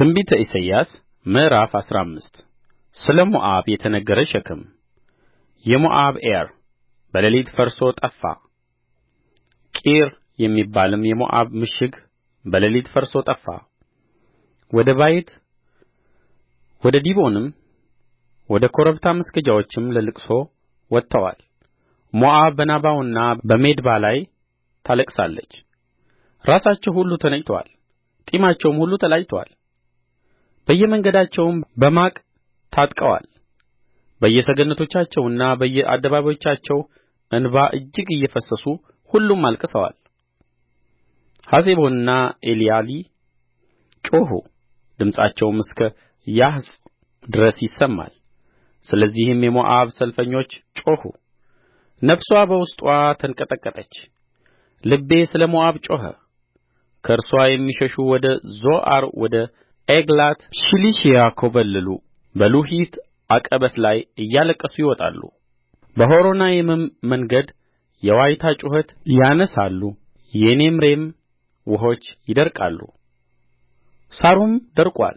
ትንቢተ ኢሳይያስ ምዕራፍ አስራ አምስት ስለ ሞዓብ የተነገረ ሸክም የሞዓብ ኤር በሌሊት ፈርሶ ጠፋ። ቂር የሚባልም የሞዓብ ምሽግ በሌሊት ፈርሶ ጠፋ። ወደ ባይት ወደ ዲቦንም ወደ ኮረብታ መስገጃዎችም ለልቅሶ ወጥተዋል። ሞዓብ በናባውና በሜድባ ላይ ታለቅሳለች። ራሳቸው ሁሉ ተነጭቶአል፣ ጢማቸውም ሁሉ ተላጭቶአል፣ በየመንገዳቸውም በማቅ ታጥቀዋል በየሰገነቶቻቸውና በየአደባባዮቻቸው እንባ እጅግ እየፈሰሱ ሁሉም አልቅሰዋል ሐሴቦንና ኤልያሊ ጮኹ ድምፃቸውም እስከ ያሀጽ ድረስ ይሰማል ስለዚህም የሞዓብ ሰልፈኞች ጮኹ ነፍስዋ በውስጥዋ ተንቀጠቀጠች ልቤ ስለ ሞዓብ ጮኸ ከእርስዋ የሚሸሹ ወደ ዞዓር ወደ ዔግላት ሺሊሺያ ኰበለሉ በሉሒት ዓቀበት ላይ እያለቀሱ ይወጣሉ በሖሮናይምም መንገድ የዋይታ ጩኸት ያነሣሉ የኔምሬም ውኆች ይደርቃሉ ሣሩም ደርቋል፣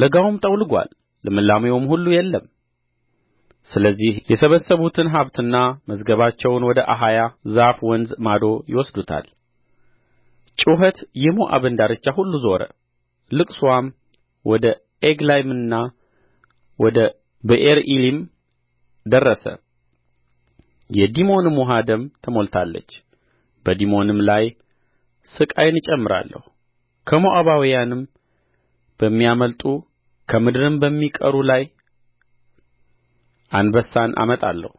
ለጋውም ጠውልጓል ልምላሜውም ሁሉ የለም ስለዚህ የሰበሰቡትን ሀብትና መዝገባቸውን ወደ አኻያ ዛፍ ወንዝ ማዶ ይወስዱታል ጩኸት የሞዓብን ዳርቻ ሁሉ ዞረ ልቅሶዋም ወደ ኤግላይምና ወደ ብኤርኢሊም ደረሰ የዲሞንም ውኃ ደም ተሞልታለች በዲሞንም ላይ ሥቃይን እጨምራለሁ ከሞዓባውያንም በሚያመልጡ ከምድርም በሚቀሩ ላይ አንበሳን አመጣለሁ